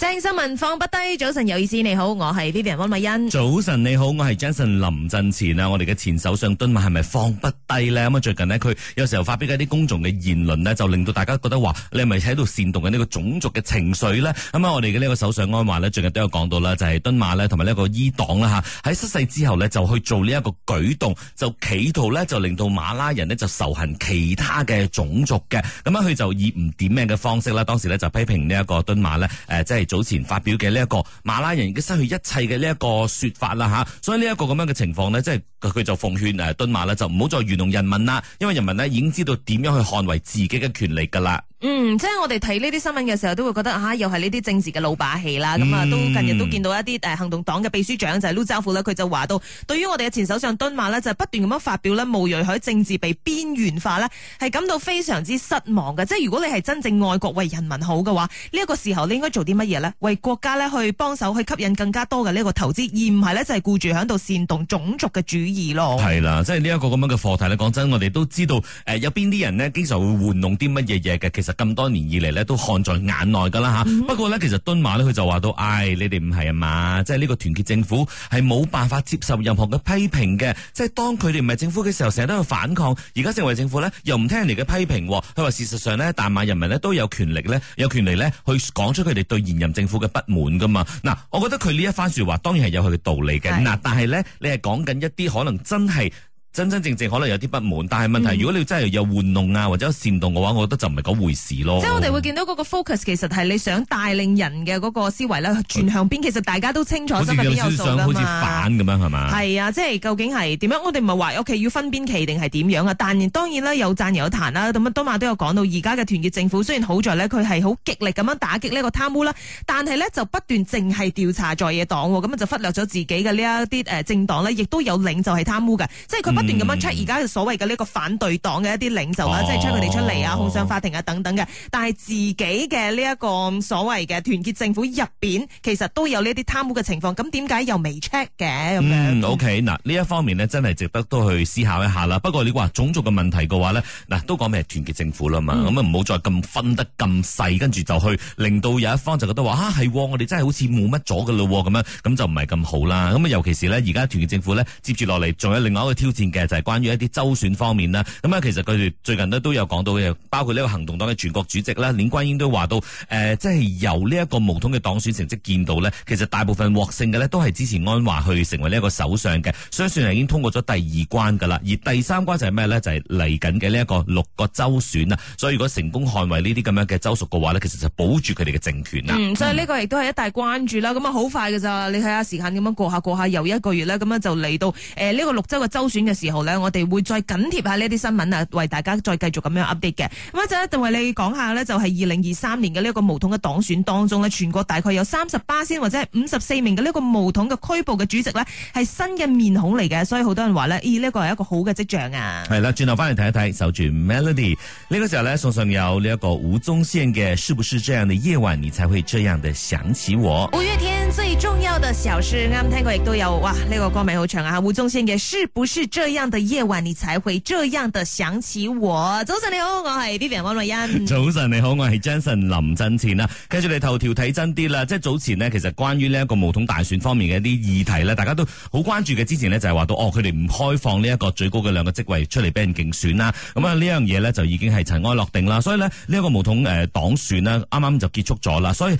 正新聞放不低，早晨有意思，你好，我係 Vivian 溫美欣。早晨你好，我係 Jason 林振前啊！我哋嘅前首相敦馬係咪放不低咧？咁啊，最近咧佢有時候發表一啲公眾嘅言論咧，就令到大家覺得話，你係咪喺度煽動緊呢個種族嘅情緒咧？咁啊，我哋嘅呢個首相安華咧，最近都有講到啦，就係敦馬咧，同埋呢一個伊黨啦吓，喺失勢之後咧，就去做呢一個舉動，就企圖咧，就令到馬拉人咧就仇恨其他嘅種族嘅。咁樣佢就以唔點名嘅方式啦，當時咧就批評呢一個敦馬咧，誒，即係。早前發表嘅呢一個馬拉人嘅失去一切嘅呢一個說法啦吓，所以呢一個咁樣嘅情況咧，即係。佢就奉勸誒敦馬呢就唔好再愚弄人民啦，因為人民咧已經知道點樣去捍衞自己嘅權利噶啦。嗯，即係我哋睇呢啲新聞嘅時候，都會覺得嚇、啊、又係呢啲政治嘅老把戲啦。咁啊、嗯，都近日都見到一啲誒行動黨嘅秘書長就係陸兆福啦，佢就話到，對於我哋嘅前首相敦馬呢就不斷咁樣發表呢馬來人喺政治被邊緣化呢係感到非常之失望嘅。即係如果你係真正愛國為人民好嘅話，呢、這、一個時候你應該做啲乜嘢呢？為國家呢去幫手去吸引更加多嘅呢個投資，而唔係呢就係顧住喺度煽動種族嘅主意咯，係啦，即係呢一個咁樣嘅課題咧。講真，我哋都知道，誒有邊啲人咧，經常會玩弄啲乜嘢嘢嘅。其實咁多年以嚟咧，都看在眼內噶啦嚇。嗯、哼不過呢，其實敦馬呢，佢就話到，唉，你哋唔係啊嘛，即係呢個團結政府係冇辦法接受任何嘅批評嘅。即係當佢哋唔係政府嘅時候，成日都去反抗。而家成為政府呢，又唔聽人哋嘅批評。佢話事實上呢，大馬人民呢都有權力呢，有權利呢去講出佢哋對現任政府嘅不滿噶嘛。嗱，我覺得佢呢一番説話當然係有佢嘅道理嘅。嗱的，但係呢，你係講緊一啲可能真係。真真正正可能有啲不滿，但係問題，如果你真係有玩弄啊或者煽動嘅話，我覺得就唔係嗰回事咯。嗯、即係我哋會見到嗰個 focus 其實係你想帶領人嘅嗰個思維咧，轉向邊？其實大家都清楚，心裏面有數，好似反咁樣係嘛？係啊，即係究竟係點樣？我哋唔係話屋企要分邊期定係點樣啊？但然當然啦，有讚有彈啦。咁啊，多馬都有講到，而家嘅團結政府雖然好在呢，佢係好極力咁樣打擊呢個貪污啦，但係呢，就不斷淨係調查在野黨，咁就忽略咗自己嘅呢一啲誒政黨呢，亦都有領袖係貪污嘅，即係佢。不斷咁樣 check 而家所謂嘅呢個反對黨嘅一啲領袖啊，哦、即係 check 佢哋出嚟啊，控上法庭啊等等嘅。但係自己嘅呢一個所謂嘅團結政府入邊，其實都有呢啲貪污嘅情況。咁點解又未 check 嘅咁樣？嗯，OK 嗱呢一方面呢，真係值得都去思考一下啦。不過你話種族嘅問題嘅話呢，嗱都講咩團結政府啦嘛，咁啊唔好再咁分得咁細，跟住就去令到有一方就覺得話啊係，我哋真係好似冇乜咗嘅嘞咁樣，咁就唔係咁好啦。咁啊，尤其是呢，而家團結政府呢，接住落嚟，仲有另外一個挑戰。嘅就係關於一啲州選方面啦，咁啊其實佢哋最近咧都有講到嘅，包括呢個行動黨嘅全國主席啦，林冠英都話到，誒即係由呢一個巫統嘅黨選成績見到呢，其實大部分獲勝嘅呢，都係支持安華去成為呢一個首相嘅，相信算係已經通過咗第二關噶啦，而第三關就係咩呢？就係嚟緊嘅呢一個六個州選啊，所以如果成功捍衞呢啲咁樣嘅州屬嘅話呢，其實就保住佢哋嘅政權啦、嗯。所以呢個亦都係一大關注啦。咁啊好快嘅咋？你睇下時間咁樣過下過下又一個月呢，咁啊就嚟到誒呢、呃呢個六州嘅州選嘅。時候呢，我哋會再緊貼下呢啲新聞啊，為大家再繼續咁樣 update 嘅。咁一陣，一定為你講下呢，就係二零二三年嘅呢一個巫統嘅黨選當中咧，全國大概有三十八巴仙或者五十四名嘅呢一個巫統嘅區部嘅主席呢，係新嘅面孔嚟嘅，所以好多人話呢，咦、哎、呢、這個係一個好嘅跡象啊。係啦，轉頭翻嚟睇一睇，守住 Melody 呢個時候呢，送上有呢一個吳宗憲嘅《是不是這樣的夜晚你才會這樣的想起我》。五月天最重要的小事啱聽過，亦都有哇，呢、這個歌名好長啊，吳宗憲嘅《是不是這樣》這樣的夜晚，你才會這樣的想起我。早晨你好，我係 B B 王麗欣。早晨你好，我係 Jason 林振前啦。跟住你頭條睇真啲啦，即係早前呢，其實關於呢一個巫統大選方面嘅一啲議題呢，大家都好關注嘅。之前呢，就係話到哦，佢哋唔開放呢一個最高嘅兩個職位出嚟俾人競選啦。咁啊、嗯，呢樣嘢呢，就已經係塵埃落定啦。所以呢，呢一個巫統誒黨選呢啱啱就結束咗啦。所以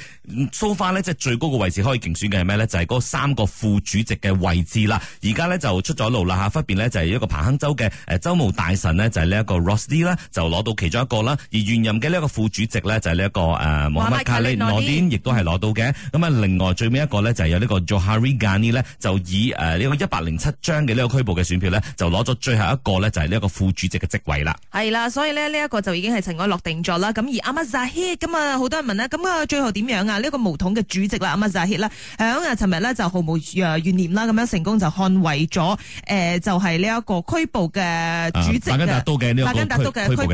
蘇花呢，嗯 so、far，即係最高嘅位置可以競選嘅係咩呢？就係、是、嗰三個副主席嘅位置啦。而家呢，就出咗爐啦吓，分別呢就。係一個彭亨州嘅州務大臣呢，就係呢一個 Rosdi 啦，就攞到其中一個啦。而現任嘅呢一個副主席呢、uh，就係呢一個誒莫卡利亦都係攞到嘅。咁啊，另外最尾一個呢，就係有呢個 Johari Ghani 就以呢個一百零七張嘅呢個區部嘅選票呢，就攞咗最後一個呢，就係呢一個副主席嘅職位啦。係啦，所以呢，呢一個就已經係塵埃落定咗啦。咁而阿末扎希咁啊，好多人問啦，咁啊最後點樣啊？呢、這個個巫統嘅主席啦，阿末扎希響啊尋日呢，就毫無怨念啦，咁樣成功就捍衛咗誒，就係呢。一個區部嘅主席、啊、達都嘅呢區部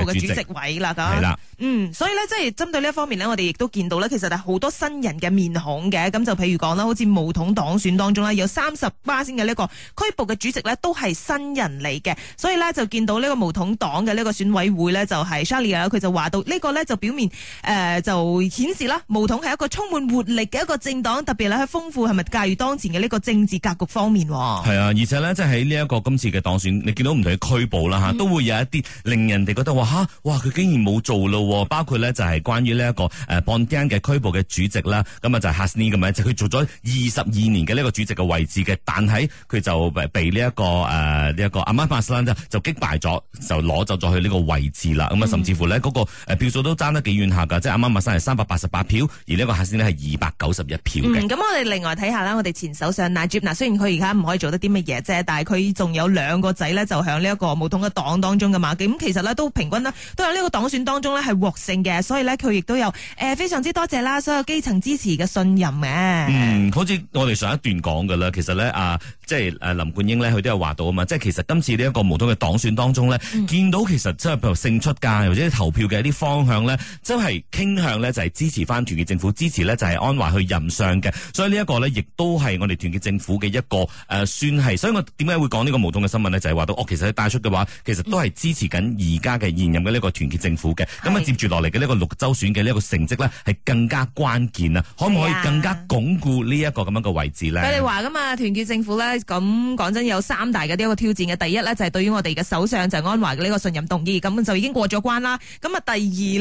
嘅主席位啦，係啦，的嗯，所以呢，即係針對呢一方面呢，我哋亦都見到呢，其實係好多新人嘅面孔嘅。咁就譬如講啦，好似巫統黨選當中呢，有三十巴仙嘅呢個區部嘅主席呢，都係新人嚟嘅。所以呢，就見到呢個巫統黨嘅呢個選委會就係、是、佢就話到呢、這個就表面誒、呃、就顯示啦，巫統係一個充滿活力嘅一個政黨，特別係豐富係咪駕馭當前嘅呢個政治格局方面。係啊，而且即係呢一個今次嘅。講算，你見到唔同嘅區部啦嚇，都會有一啲令人哋覺得話嚇，哇佢竟然冇做咯。包括咧就係關於呢一個誒 Pontian 嘅區部嘅主席啦，咁啊就係 Hassni 咁樣，佢做咗二十二年嘅呢個主席嘅位置嘅，但係佢就被呢、這、一個誒呢一個阿媽 Maslan 就擊敗咗，就攞走咗佢呢個位置啦。咁啊，甚至乎咧嗰個票數都爭得幾遠下噶，即係阿媽 Maslan 係三百八十八票，而呢個 Hassni 係二百九十一票嘅。咁我哋另外睇下啦，我哋前首相 Najib 雖然佢而家唔可以做得啲乜嘢啫，但係佢仲有兩。兩個仔咧就喺呢一個巫統嘅黨當中嘅嘛，咁其實呢，都平均啦，都有呢個黨選當中呢，係獲勝嘅，所以呢，佢亦都有誒非常之多謝啦所有基層支持嘅信任嘅。嗯，好似我哋上一段講噶啦，其實呢，啊，即係誒林冠英呢，佢都有話到啊嘛，即係其實今次呢一個巫統嘅黨選當中呢，嗯、見到其實即係譬如勝出噶，或者投票嘅一啲方向呢，真係傾向呢，就係、是、支持翻團結政府，支持呢，就係安華去任上嘅，所以呢一個呢，亦都係我哋團結政府嘅一個誒算係，所以我點解會講呢個巫統嘅。就係話到、哦，其實佢帶出嘅話，其實都係支持緊而家嘅現任嘅呢個團結政府嘅。咁啊是，接住落嚟嘅呢個六州選嘅呢個成績呢，係更加關鍵啊！可唔可以更加鞏固呢一個咁樣嘅位置呢？佢哋話嘅嘛，團結政府呢，咁講真有三大嘅呢一個挑戰嘅。第一呢，就係、是、對於我哋嘅首相就係、是、安華嘅呢個信任動議，咁就已經過咗關啦。咁啊，第二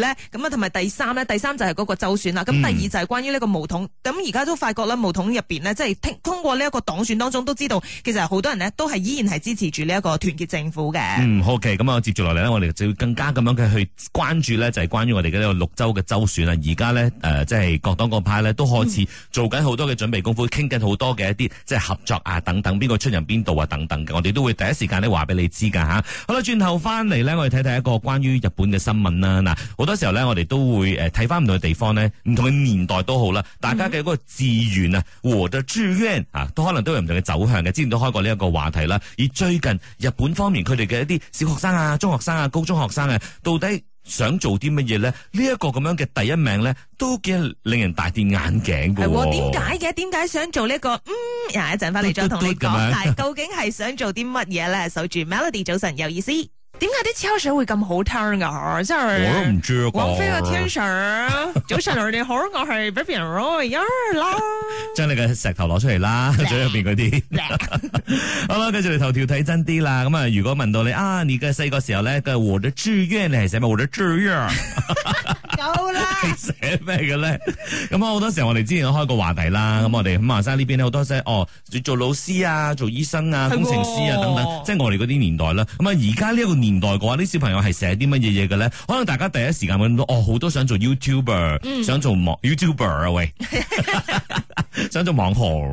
呢，咁啊同埋第三呢，第三就係嗰個州選啦。咁第二就係關於呢個巫統，咁而家都發覺咧，巫統入邊呢，即、就、係、是、通過呢一個黨選當中都知道，其實好多人呢，都係依然係支持。住呢一個團結政府嘅，嗯，好嘅，咁啊，接住落嚟呢，我哋就要更加咁樣嘅去關注呢，就係、是、關於我哋嘅呢個六州嘅州選啊。而家呢，誒、呃，即、就、係、是、各黨各派呢，都開始做緊好多嘅準備功夫，傾緊好多嘅一啲即係合作啊，等等，邊個出任邊度啊，等等嘅，我哋都會第一時間呢話俾你知噶吓。好啦，轉頭返嚟呢，我哋睇睇一個關於日本嘅新聞啦。嗱，好多時候呢，我哋都會誒睇返唔同嘅地方呢，唔同嘅年代都好啦，大家嘅一個志願啊，和得、嗯、志願啊，都可能都有唔同嘅走向嘅。之前都開過呢一個話題啦，而最最近日本方面佢哋嘅一啲小學生啊、中學生啊、高中學生啊，到底想做啲乜嘢咧？呢、這、一個咁樣嘅第一名咧，都幾令人大跌眼鏡嘅、哦。係喎，點解嘅？點解想做呢、這個？嗯，一陣翻嚟再同你講。但係究竟係想做啲乜嘢咧？守住 Melody 早晨有意思。點解啲超水會咁好聽啊？即係，王菲啊，天使，早晨你好，我係 B B R，有啦，將你嘅石頭攞出嚟啦，嘴入邊嗰啲。 好啦，跟住嚟頭條睇真啲啦。咁啊，如果問到你啊，你嘅細個時候咧，嘅我的志願你係寫咩？我的志願。 有啦！你寫咩嘅咧？咁啊，好多時候我哋之前開過話題啦。咁我哋五華山呢邊好多即係哦，做老師啊，做醫生啊，工程師啊等等，即係我哋嗰啲年代啦。咁啊，而家呢個年代嘅話，啲小朋友係寫啲乜嘢嘢嘅咧？可能大家第一時間諗到哦，好多想做 YouTuber，想做網 YouTuber 啊，喂，想做網紅。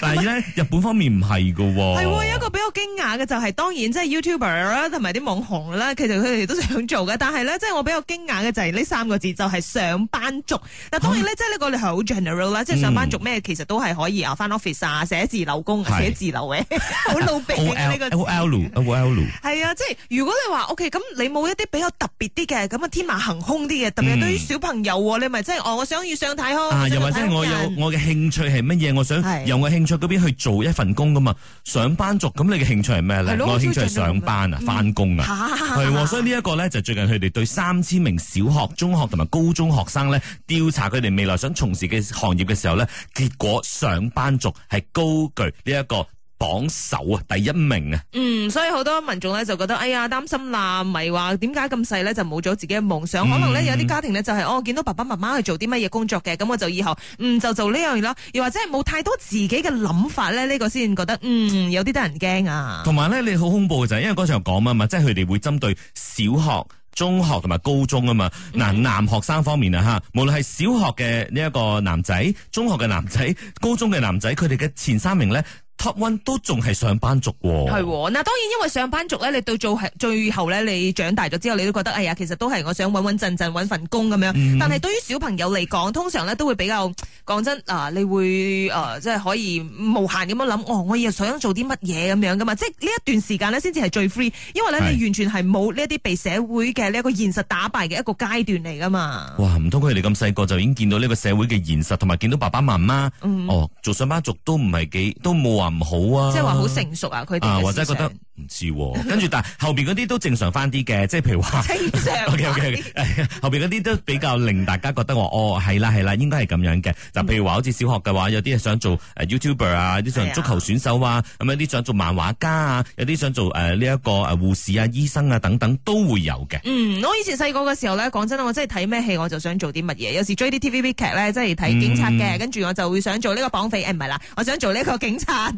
但係咧，日本方面唔係噶，係有一個比較驚訝嘅，就係當然即係 YouTuber 啦，同埋啲網紅啦，其實佢哋都想做嘅。但係咧，即係我比較驚訝嘅。就係呢三個字，就係上班族。嗱，當然咧，即係呢個你係好 general 啦，即係上班族咩，其實都係可以啊，翻 office 啊，寫字樓工、寫字樓嘅，好老餅嘅呢個字。O L O L O L，係啊，即係如果你話 O K，咁你冇一啲比較特別啲嘅，咁啊天馬行空啲嘅，特別對於小朋友，你咪即係哦，我想要上太空啊，又或者我有我嘅興趣係乜嘢，我想由我興趣嗰邊去做一份工噶嘛。上班族咁你嘅興趣係咩咧？我興趣係上班啊，翻工啊，係喎。所以呢一個咧就最近佢哋對三千名小小學、中學同埋高中學生咧，調查佢哋未來想從事嘅行業嘅時候咧，結果上班族係高居呢一個榜首啊，第一名啊。嗯，所以好多民眾咧就覺得，哎呀，擔心啦，咪話點解咁細咧就冇咗自己嘅夢想？嗯、可能咧有啲家庭咧就係、是、我、哦、見到爸爸媽媽去做啲乜嘢工作嘅，咁我就以後嗯就做呢樣嘢啦。又或者係冇太多自己嘅諗法咧，呢、呢個先覺得嗯有啲得人驚啊。同埋咧，你好恐怖嘅就係因為嗰時候講啊嘛，即係佢哋會針對小學。中學同埋高中啊嘛，嗱，男學生方面啊吓，無論係小學嘅呢一個男仔、中學嘅男仔、高中嘅男仔，佢哋嘅前三名咧。Top One 都仲係上班族喎，係嗱，當然因為上班族咧，你到做係最後咧，你長大咗之後，你都覺得哎呀，其實都係我想穩穩陣陣揾份工咁樣。嗯、但係對於小朋友嚟講，通常咧都會比較講真啊，你會誒即係可以無限咁樣諗，哦，我又想做啲乜嘢咁樣噶嘛？即係呢一段時間咧，先至係最 free，因為咧你完全係冇呢一啲被社會嘅呢一個現實打敗嘅一個階段嚟噶嘛。哇，唔通佢哋咁細個就已經見到呢個社會嘅現實，同埋見到爸爸媽媽、嗯、哦做上班族都唔係幾都冇話。唔好啊！即係話好成熟啊，佢哋、啊、或者覺得。唔知，跟住、哦、但係後邊嗰啲都正常翻啲嘅，即係譬如話，正常。OK OK OK，後邊嗰啲都比較令大家覺得話，哦係啦係啦，應該係咁樣嘅。就譬如話好似小學嘅話，有啲想做 YouTuber 啊，啲想足球選手啊，咁、哎、呀有啲想做漫畫家啊，有啲想做誒呢一個護士啊、醫生啊等等都會有嘅。嗯，我以前細個嘅時候咧，講真，我真係睇咩戲我就想做啲乜嘢。有時追啲 TVB 劇咧，即係睇警察嘅，跟住、嗯、我就會想做呢個綁匪。唔、哎、係啦，我想做呢個警察。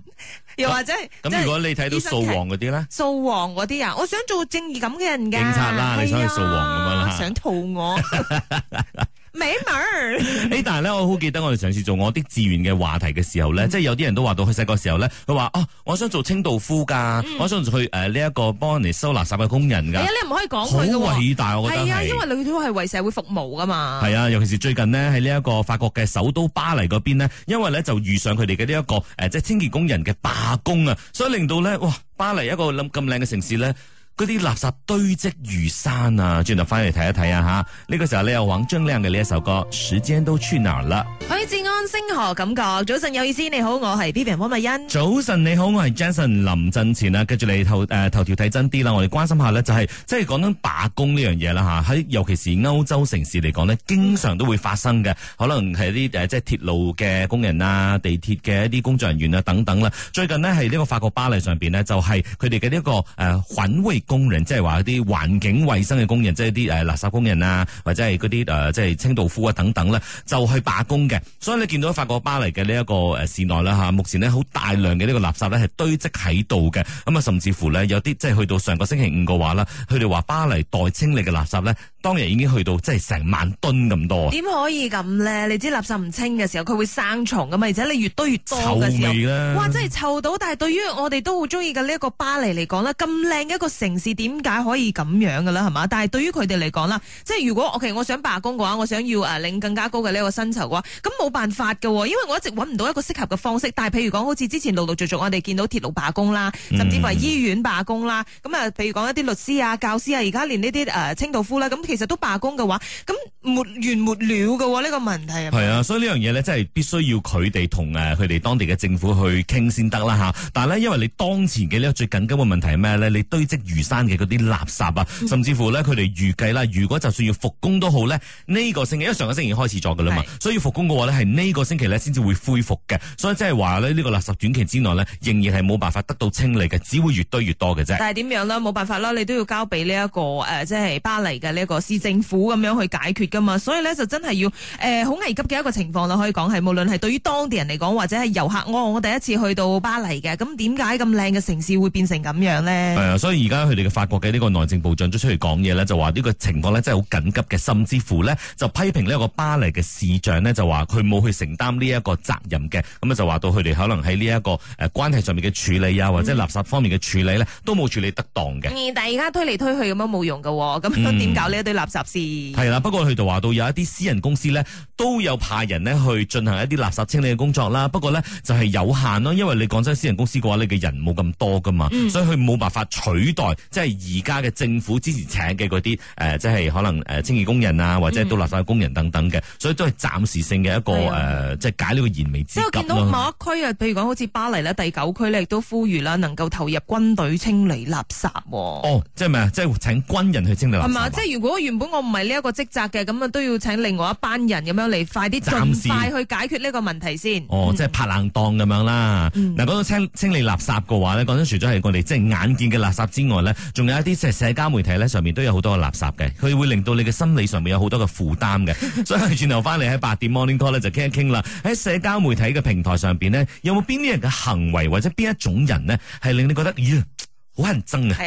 又或者咁，啊、是如果你睇到掃黃啲。掃黃嗰啲啊，我想做正義咁嘅人嘅。警察啦，你想去掃黃咁樣啦、啊，想套我。 沒 但係咧，我好記得我哋上次做我啲志願嘅話題嘅時候咧，嗯、即係有啲人都話到佢細個時候咧，佢話啊，我想做清道夫噶，嗯、我想去誒呢一個幫人哋收垃圾嘅工人噶，哎。你唔可以講佢噶好偉大，我覺得係，啊。因為佢都係為社會服務噶嘛。係啊，尤其是最近呢，喺呢一個法國嘅首都巴黎嗰邊呢，因為咧就遇上佢哋嘅呢一個誒，即、呃、係清潔工人嘅罷工啊，所以令到咧，哇，巴黎一個咁咁靚嘅城市咧。嗰啲垃圾堆積如山啊！轉頭翻嚟睇一睇啊吓呢、這個時候你又黃俊亮嘅呢一首歌《時間都去哪啦》。許志安星河感覺早晨有意思，你好，我係 B B M 麥麥欣。早晨你好，我係 Jason 林振前啊！跟住你頭誒、呃、頭條睇真啲啦，我哋關心下呢，就係、是、即係講緊罷工呢樣嘢啦吓，喺尤其是歐洲城市嚟講呢，經常都會發生嘅，可能係啲即係鐵路嘅工人啊、地鐵嘅一啲工作人員啊等等啦。最近呢，係呢個法國巴黎上面呢，就係佢哋嘅呢一個誒環衛、呃工人即係話啲環境衞生嘅工人，即係啲誒垃圾工人啊，或者係嗰啲誒即係清道夫啊等等啦，就是去罷工嘅。所以你見到法國巴黎嘅呢一個誒市內啦嚇，目前呢，好大量嘅呢個垃圾咧係堆積喺度嘅。咁啊，甚至乎呢，有啲即係去到上個星期五嘅話呢，佢哋話巴黎待清理嘅垃圾呢，當日已經去到即係成萬噸咁多。點可以咁咧？你知垃圾唔清嘅時候，佢會生蟲㗎嘛，而且你越堆越多嘅時候，醜哇，真係臭到！但係對於我哋都好中意嘅呢一個巴黎嚟講咧，咁靚一個城。係點解可以咁樣嘅咧？係嘛？但係對於佢哋嚟講啦，即係如果我其實我想罷工嘅話，我想要啊領更加高嘅呢個薪酬嘅話，咁冇辦法嘅，因為我一直揾唔到一個適合嘅方式。但係譬如講，好似之前陸陸續續我哋見到鐵路罷工啦，甚至乎係醫院罷工啦，咁啊、嗯，譬如講一啲律師啊、教師啊，而家連呢啲誒清道夫啦，咁其實都罷工嘅話，咁沒完沒了嘅呢、啊這個問題係啊，所以呢樣嘢咧，真係必須要佢哋同誒佢哋當地嘅政府去傾先得啦吓。但係咧，因為你當前嘅呢個最緊急嘅問題係咩咧？你堆積如山嘅啲垃圾啊，甚至乎咧，佢哋預計啦，如果就算要復工都好咧，呢、這個星期，因為上個星期開始咗噶啦嘛，所以要復工嘅話咧，係呢個星期咧先至會恢復嘅，所以即係話呢，呢、這個垃圾短期之內呢，仍然係冇辦法得到清理嘅，只會越堆越多嘅啫。但係點樣呢？冇辦法啦，你都要交俾呢一個誒、呃，即係巴黎嘅呢一個市政府咁樣去解決噶嘛。所以咧，就真係要誒好、呃、危急嘅一個情況啦。可以講係無論係對於當地人嚟講，或者係遊客，我第一次去到巴黎嘅，咁點解咁靚嘅城市會變成咁樣咧？係啊，所以而家你嘅法國嘅呢個內政部長都出嚟講嘢咧，就話呢個情況咧真係好緊急嘅，甚至乎呢就批評呢一個巴黎嘅市長呢，就話佢冇去承擔呢一個責任嘅，咁啊就話到佢哋可能喺呢一個誒關係上面嘅處理啊，或者垃圾方面嘅處理呢，都冇處理得當嘅。而大家推嚟推去咁樣冇用噶，咁點搞呢一堆垃圾事？係啦、嗯，不過佢就話到有一啲私人公司呢，都有派人呢去進行一啲垃圾清理嘅工作啦，不過呢，就係有限咯，因為你講真，私人公司嘅話，你嘅人冇咁多噶嘛，所以佢冇辦法取代。即係而家嘅政府之前請嘅嗰啲誒，即係可能誒清潔工人啊，或者倒垃圾工人等等嘅，嗯、所以都係暫時性嘅一個誒，即係、嗯呃、解呢個燃眉之急咯。即係我見到某一區啊，譬如講好似巴黎呢第九區咧，亦都呼籲啦，能夠投入軍隊清理垃圾哦。哦，即係咩？啊？即係請軍人去清理垃圾。係嘛，即係如果原本我唔係呢一個職責嘅，咁啊都要請另外一班人咁樣嚟快啲，盡快去解決呢個問題先。時哦，嗯、即係拍冷檔咁樣啦。嗱、嗯，講到清清理垃圾嘅話呢，講緊除咗係我哋即係眼見嘅垃圾之外呢。仲有一啲即係社交媒體咧，上面都有好多嘅垃圾嘅，佢會令到你嘅心理上面有好多嘅負擔嘅， 所以轉頭翻嚟喺八點 Morning Call 咧就傾一傾啦。喺社交媒體嘅平台上邊呢，有冇邊啲人嘅行為或者邊一種人呢，係令你覺得，咦？ 好乞人憎啊！係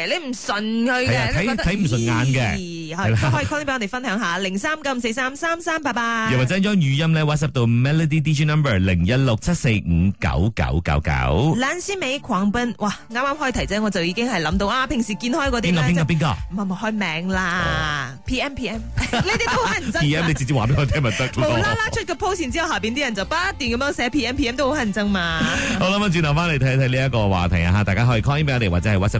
你唔順佢嘅，睇睇唔順眼嘅。可唔可以 call 啲俾我哋分享下？零三九四三三三，八八。又或者將語音咧，WhatsApp 到 Melody DJ Number 零一六七四五九九九九。冷思美狂奔，哇！啱啱開題啫，我就已經係諗到啊。平時見開嗰啲咧。邊個邊個邊個？唔係，咪開名啦？P M P M 呢啲鋪開唔得。P M 你直接話俾我聽咪得。無啦啦出個鋪線之後，下邊啲人就不斷咁樣寫 P M P M，都好乞人憎嘛。好啦，咁轉頭翻嚟睇一睇呢一個話題啊吓，大家可以 call 啲俾我哋，或者係 WhatsApp。